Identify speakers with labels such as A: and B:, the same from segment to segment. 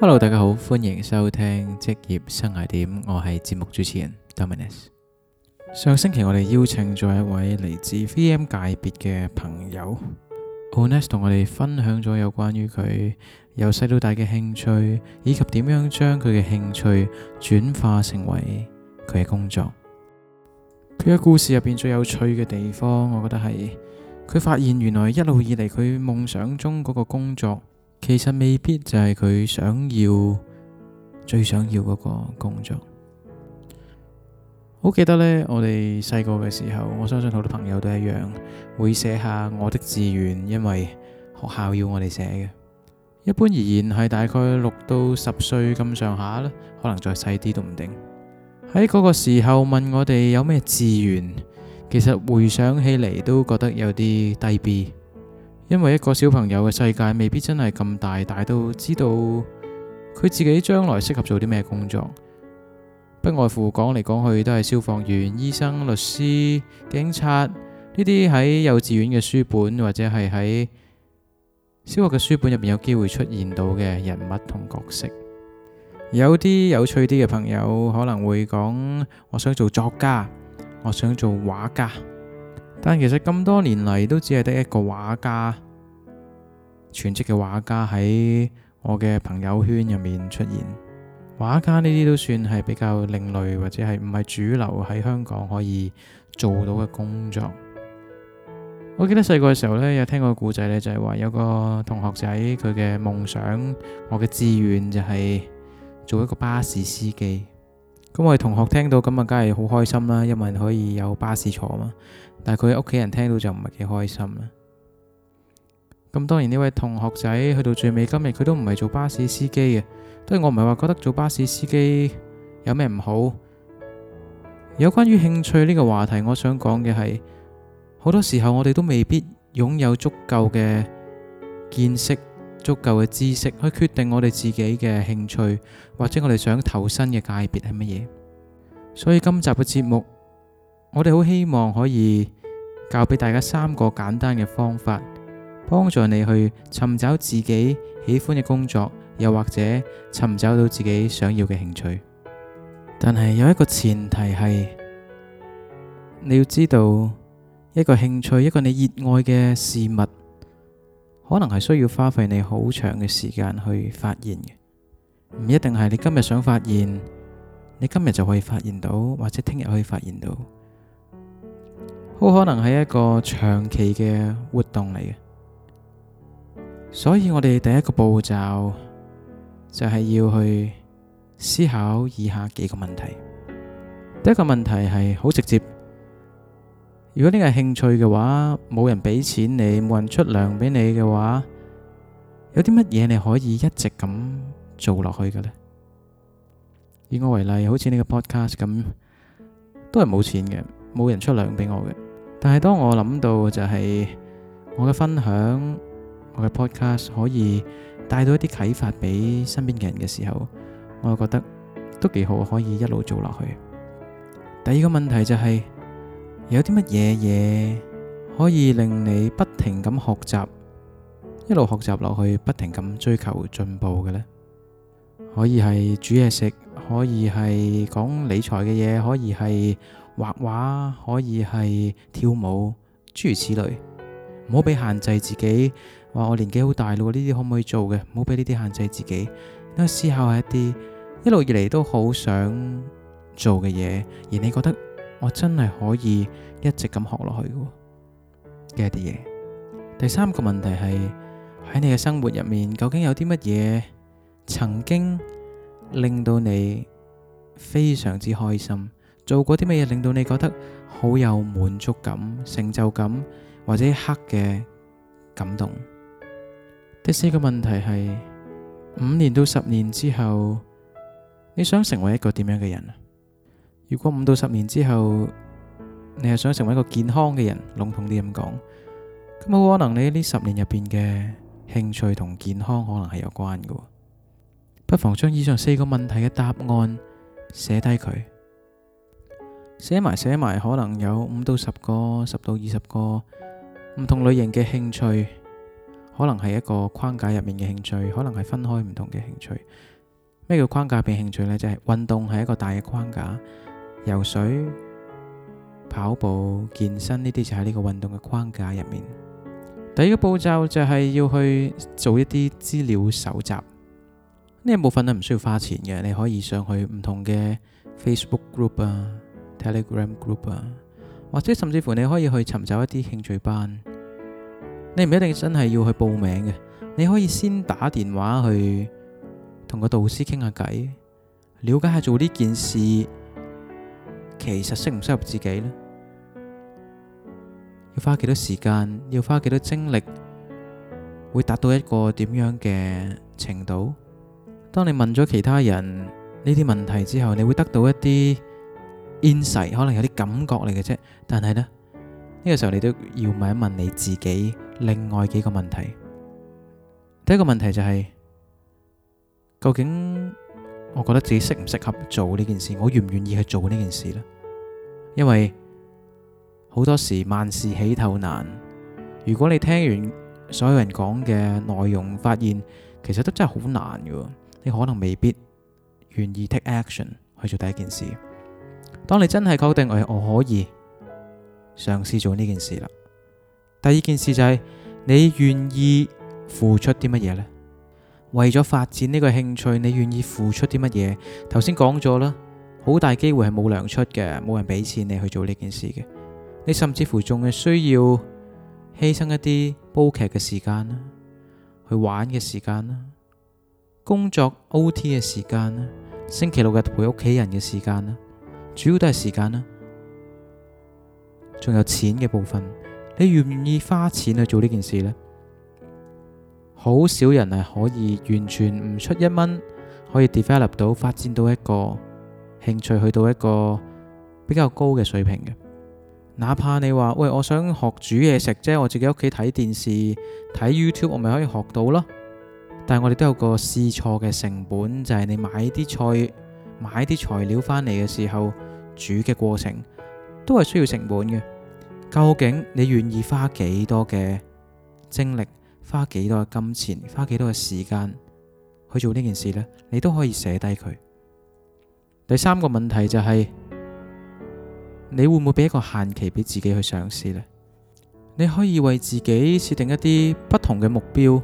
A: Hello，大家好，歡迎收聽職業生涯點，我係節目主持人 Dominus。Domin 上星期我哋邀請咗一位嚟自 VM 界別嘅朋友 Ones，同我哋分享咗有關於佢由細到大嘅興趣，以及點樣將佢嘅興趣轉化成為佢嘅工作。佢嘅 故事入邊最有趣嘅地方，我覺得係佢發現原來一路以嚟佢夢想中嗰個工作，其實未必就係佢想要最想要嗰個工作。好記得呢，我哋細個嘅時候，我相信好多朋友都一樣會寫下我的志願，因為學校要我哋寫嘅。一般而言係大概六到十歲咁上下啦，可能再細啲都唔定。喺嗰個時候問我哋有咩志願，其實回想起嚟都覺得有啲低 b。因為一個小朋友嘅世界未必真係咁大，大到知道佢自己將來適合做啲咩工作，不外乎講嚟講去都係消防員、醫生、律師、警察呢啲喺幼稚園嘅書本或者係喺小學嘅書本入面，有機會出現到嘅人物同角色。有啲有趣啲嘅朋友可能會講：我想做作家，我想做畫家。但其實咁多年嚟，都只係得一個畫家，全職嘅畫家喺我嘅朋友圈入面出現。畫家呢啲都算係比較另類，或者係唔係主流喺香港可以做到嘅工作。我記得細個嘅時候呢，有聽過個故仔呢，就係話有個同學仔佢嘅夢想，我嘅志願就係做一個巴士司機。咁我哋同學聽到咁啊，梗係好開心啦，因為可以有巴士坐嘛。但係佢屋企人聽到就唔係幾開心啦。咁當然呢位同學仔去到最尾今日佢都唔係做巴士司機嘅，當然我唔係話覺得做巴士司機有咩唔好。有關於興趣呢個話題，我想講嘅係，好多時候我哋都未必擁有足夠嘅見識、足夠嘅知識去決定我哋自己嘅興趣，或者我哋想投身嘅界別係乜嘢。所以今集嘅節目，我哋好希望可以。教俾大家三個簡單嘅方法，幫助你去尋找自己喜歡嘅工作，又或者尋找到自己想要嘅興趣。但係有一個前提係，你要知道一個興趣，一個你熱愛嘅事物，可能係需要花費你好長嘅時間去發現嘅，唔一定係你今日想發現，你今日就可以發現到，或者聽日可以發現到。好可能係一個長期嘅活動嚟嘅，所以我哋第一個步驟就係要去思考以下幾個問題。第一個問題係好直接，如果呢個係興趣嘅話，冇人俾錢你，冇人出糧俾你嘅話，有啲乜嘢你可以一直咁做落去嘅呢？以我為例，好似呢個 podcast 咁，都係冇錢嘅，冇人出糧俾我嘅。但係當我諗到就係我嘅分享，我嘅 podcast 可以帶到一啲啟發俾身邊嘅人嘅時候，我又覺得都幾好，可以一路做落去。第二個問題就係有啲乜嘢嘢可以令你不停咁學習，一路學習落去，不停咁追求進步嘅呢？可以係煮嘢食，可以係講理財嘅嘢，可以係。畫畫可以係跳舞，諸如此類，唔好俾限制自己。話我年紀好大咯，呢啲可唔可以做嘅？唔好俾呢啲限制自己。應該思考下一啲一路以嚟都好想做嘅嘢，而你覺得我真係可以一直咁學落去嘅一啲嘢。第三個問題係喺你嘅生活入面，究竟有啲乜嘢曾經令到你非常之開心？做過啲乜嘢，令到你覺得好有滿足感、成就感，或者一刻嘅感動？第四個問題係五年到十年之後，你想成為一個點樣嘅人啊？如果五到十年之後你係想成為一個健康嘅人，籠統啲咁講，咁好可能你呢十年入邊嘅興趣同健康可能係有關嘅。不妨將以上四個問題嘅答案寫低佢。寫埋寫埋，可能有五到十個、十到二十個唔同類型嘅興趣，可能係一個框架入面嘅興趣，可能係分開唔同嘅興趣。咩叫框架入面嘅興趣呢？就係、是、運動係一個大嘅框架，游水、跑步、健身呢啲就喺呢個運動嘅框架入面。第二個步驟就係要去做一啲資料搜集，呢一部分係，唔需要花錢嘅，你可以上去唔同嘅 Facebook group 啊。Telegram group 啊，或者甚至乎你可以去尋找一啲興趣班。你唔一定真係要去報名嘅，你可以先打電話去同個導師傾下偈，了解下做呢件事其實適唔適合自己咧？要花幾多時間？要花幾多精力？會達到一個點樣嘅程度？當你問咗其他人呢啲問題之後，你會得到一啲。現實可能有啲感覺嚟嘅啫，但係呢，呢個時候你都要問一問你自己，另外幾個問題。第一個問題就係究竟我覺得自己適唔適合做呢件事？我願唔願意去做呢件事呢？因為好多時，萬事起頭難。如果你聽完所有人講嘅內容，發現其實都真係好難嘅，你可能未必願意 take action 去做第一件事。當你真係確定我我可以嘗試做呢件事啦。第二件事就係、是、你願意付出啲乜嘢呢？為咗發展呢個興趣，你願意付出啲乜嘢？頭先講咗啦，好大機會係冇糧出嘅，冇人俾錢你去做呢件事嘅。你甚至乎仲係需要犧牲一啲煲劇嘅時間啦，去玩嘅時間啦，工作 OT 嘅時間啦，星期六日陪屋企人嘅時間啦。主要都係時間啦，仲有錢嘅部分，你願唔願意花錢去做呢件事呢？好少人係可以完全唔出一蚊，可以 develop 到發展到一個興趣去到一個比較高嘅水平嘅。哪怕你話：喂，我想學煮嘢食啫，我自己屋企睇電視睇 YouTube，我咪可以學到咯。但係我哋都有個試錯嘅成本，就係你買啲菜。買啲材料翻嚟嘅時候，煮嘅過程都係需要成本嘅。究竟你願意花幾多嘅精力，花幾多嘅金錢，花幾多嘅時間去做呢件事呢？你都可以寫低佢。第三個問題就係你會唔會俾一個限期俾自己去嘗試呢？你可以為自己設定一啲不同嘅目標，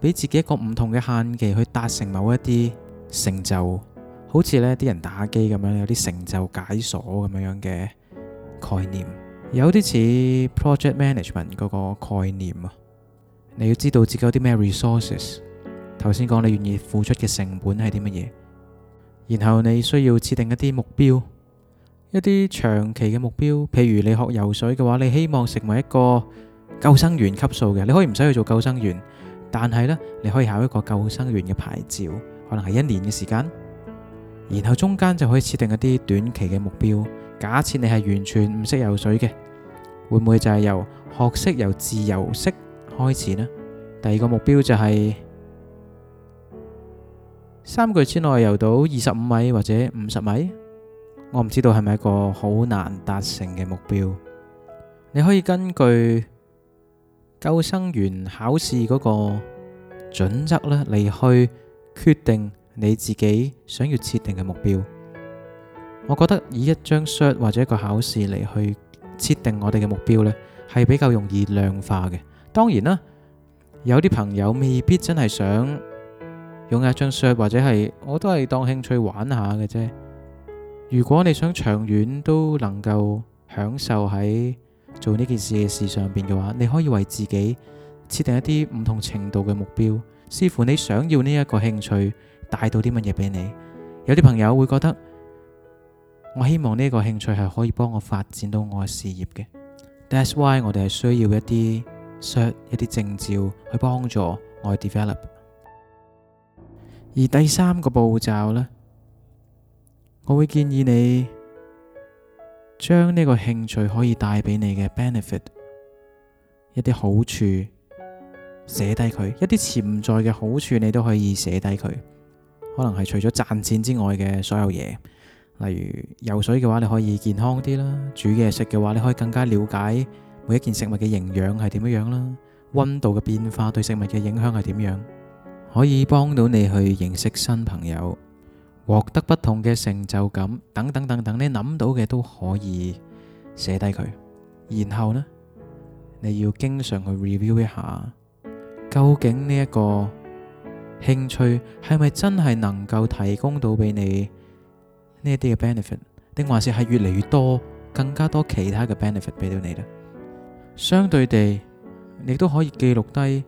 A: 俾自己一個唔同嘅限期去達成某一啲成就。好似呢啲人打機咁樣，有啲成就解鎖咁樣樣嘅概念，有啲似 project management 嗰個概念啊。你要知道自己有啲咩 resources。頭先講你願意付出嘅成本係啲乜嘢，然後你需要設定一啲目標，一啲長期嘅目標。譬如你學游水嘅話，你希望成為一個救生員級數嘅，你可以唔使去做救生員，但係呢，你可以考一個救生員嘅牌照，可能係一年嘅時間。然後中間就可以設定一啲短期嘅目標。假設你係完全唔識游水嘅，會唔會就係由學識由自由式開始呢？第二個目標就係三個月之內游到二十五米或者五十米。我唔知道係咪一個好難達成嘅目標。你可以根據救生員考試嗰個準則呢嚟，去決定。你自己想要設定嘅目標，我覺得以一張 shot 或者一個考試嚟去設定我哋嘅目標呢，係比較容易量化嘅。當然啦，有啲朋友未必真係想用一張 shot，或者係我都係當興趣玩下嘅啫。如果你想長遠都能夠享受喺做呢件事嘅事上邊嘅話，你可以為自己設定一啲唔同程度嘅目標，視乎你想要呢一個興趣。帶到啲乜嘢俾你？有啲朋友會覺得，我希望呢個興趣係可以幫我發展到我嘅事業嘅。That's why 我哋係需要一啲 cert 一啲證照去幫助我去 develop。而第三個步驟呢，我會建議你將呢個興趣可以帶俾你嘅 benefit，一啲好處寫低佢，一啲潛在嘅好處你都可以寫低佢。可能係除咗賺錢之外嘅所有嘢，例如游水嘅話，你可以健康啲啦；煮嘢食嘅話，你可以更加了解每一件食物嘅營養係點樣啦，溫度嘅變化對食物嘅影響係點樣，可以幫到你去認識新朋友，獲得不同嘅成就感，等等等等，你諗到嘅都可以寫低佢。然後呢，你要經常去 review 一下，究竟呢一個。興趣係咪真係能夠提供到俾你呢一啲嘅 benefit，定還是係越嚟越多更加多其他嘅 benefit 俾到你呢？相對地，你都可以記錄低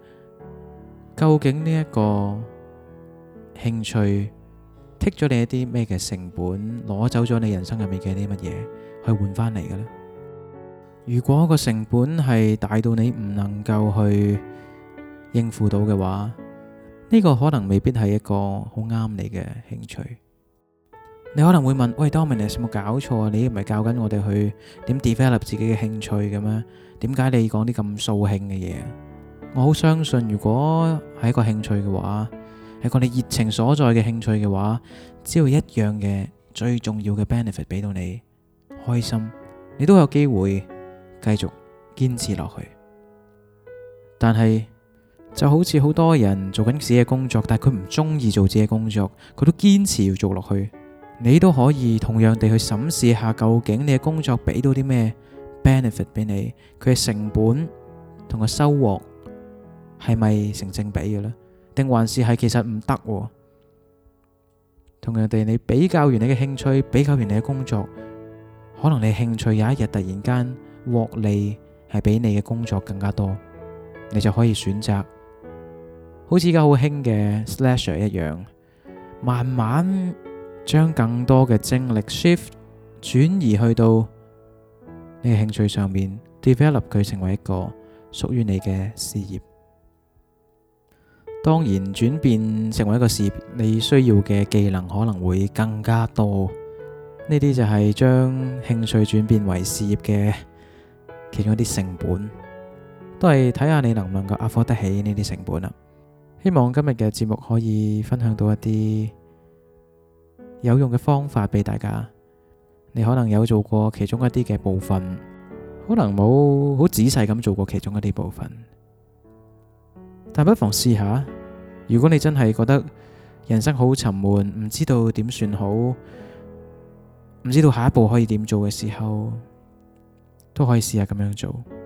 A: 究竟呢一個興趣剔咗你一啲咩嘅成本，攞走咗你人生入面嘅啲乜嘢去換翻嚟嘅咧？如果個成本係大到你唔能夠去應付到嘅話，呢個可能未必係一個好啱你嘅興趣，你可能會問：喂，Dominus，你有冇搞錯啊？你唔係教緊我哋去點 develop 自己嘅興趣嘅咩？點解你講啲咁掃興嘅嘢啊？我好相信，如果係一個興趣嘅話，係個你熱情所在嘅興趣嘅話，只要一樣嘅最重要嘅 benefit 俾到你開心，你都有機會繼續堅持落去。但係，就好似好多人做緊自己嘅工作，但係，佢唔中意做自己嘅工作，佢都堅持要做落去。你都可以同樣地去審視下，究竟你嘅工作俾到啲咩 benefit 俾你？佢嘅成本同個收穫係咪成正比嘅呢？定還是係其實唔得？同樣地，你比較完你嘅興趣，比較完你嘅工作，可能你興趣有一日突然間獲利係比你嘅工作更加多，你就可以選擇。好似家好興嘅 slasher 一樣，慢慢將更多嘅精力 shift 轉移去到你嘅興趣上面，develop 佢成為一個屬於你嘅事業。當然轉變成為一個事業，你需要嘅技能可能會更加多。呢啲就係將興趣轉變為事業嘅其中一啲成本，都係睇下你能唔能夠 afford 得起呢啲成本啦。希望今日嘅節目可以分享到一啲有用嘅方法俾大家。你可能有做過其中一啲嘅部分，可能冇好仔細咁做過其中一啲部分，但不妨試下。如果你真係覺得人生好沉悶，唔知道點算好，唔知道下一步可以點做嘅時候，都可以試下咁樣做。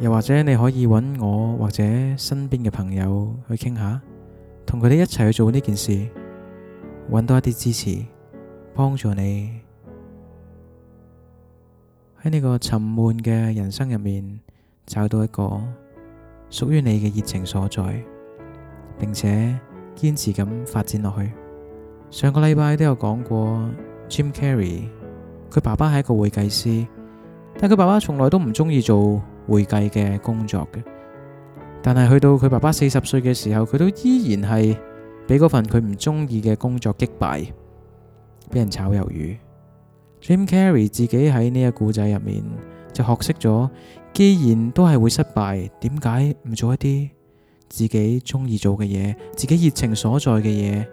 A: 又或者你可以搵我，或者身邊嘅朋友去傾下，同佢哋一齊去做呢件事，搵多一啲支持，幫助你喺呢個沉悶嘅人生入面，找到一個屬於你嘅熱情所在，並且堅持咁發展落去。上個禮拜都有講過，Jim Carrey 佢爸爸係一個會計師，但佢爸爸從來都唔中意做。會計嘅工作嘅，但係去到佢爸爸四十歲嘅時候，佢都依然係俾嗰份佢唔中意嘅工作擊敗，俾人炒魷魚。Jim Carrey 自己喺呢個故仔入面就學識咗，既然都係會失敗，點解唔做一啲自己中意做嘅嘢，自己熱情所在嘅嘢？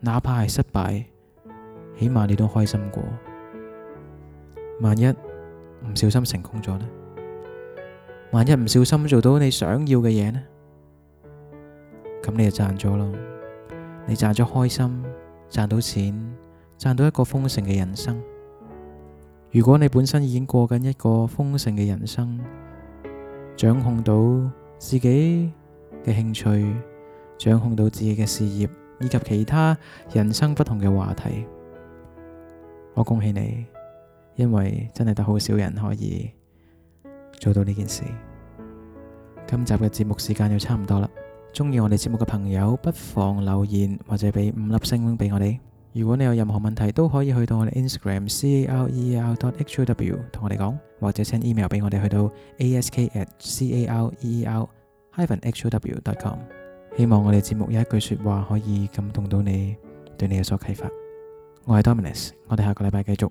A: 哪怕係失敗，起碼你都開心過。萬一。唔小心成功咗呢？萬一唔小心做到你想要嘅嘢呢？咁你就賺咗咯，你賺咗開心，賺到錢，賺到一個豐盛嘅人生。如果你本身已經過緊一個豐盛嘅人生，掌控到自己嘅興趣，掌控到自己嘅事業，以及其他人生不同嘅話題，我恭喜你。因為真係得好少人可以做到呢件事。今集嘅節目時間又差唔多啦。中意我哋節目嘅朋友不妨留言或者俾五粒星俾我哋。如果你有任何問題，都可以去到我哋 Instagram career.how 同我哋講，或者 send email 俾我哋去到 ask@career-how.com。希望我哋節目有一句說話可以感動到你，對你有所啟發。我係 Dominus，我哋下個禮拜繼續。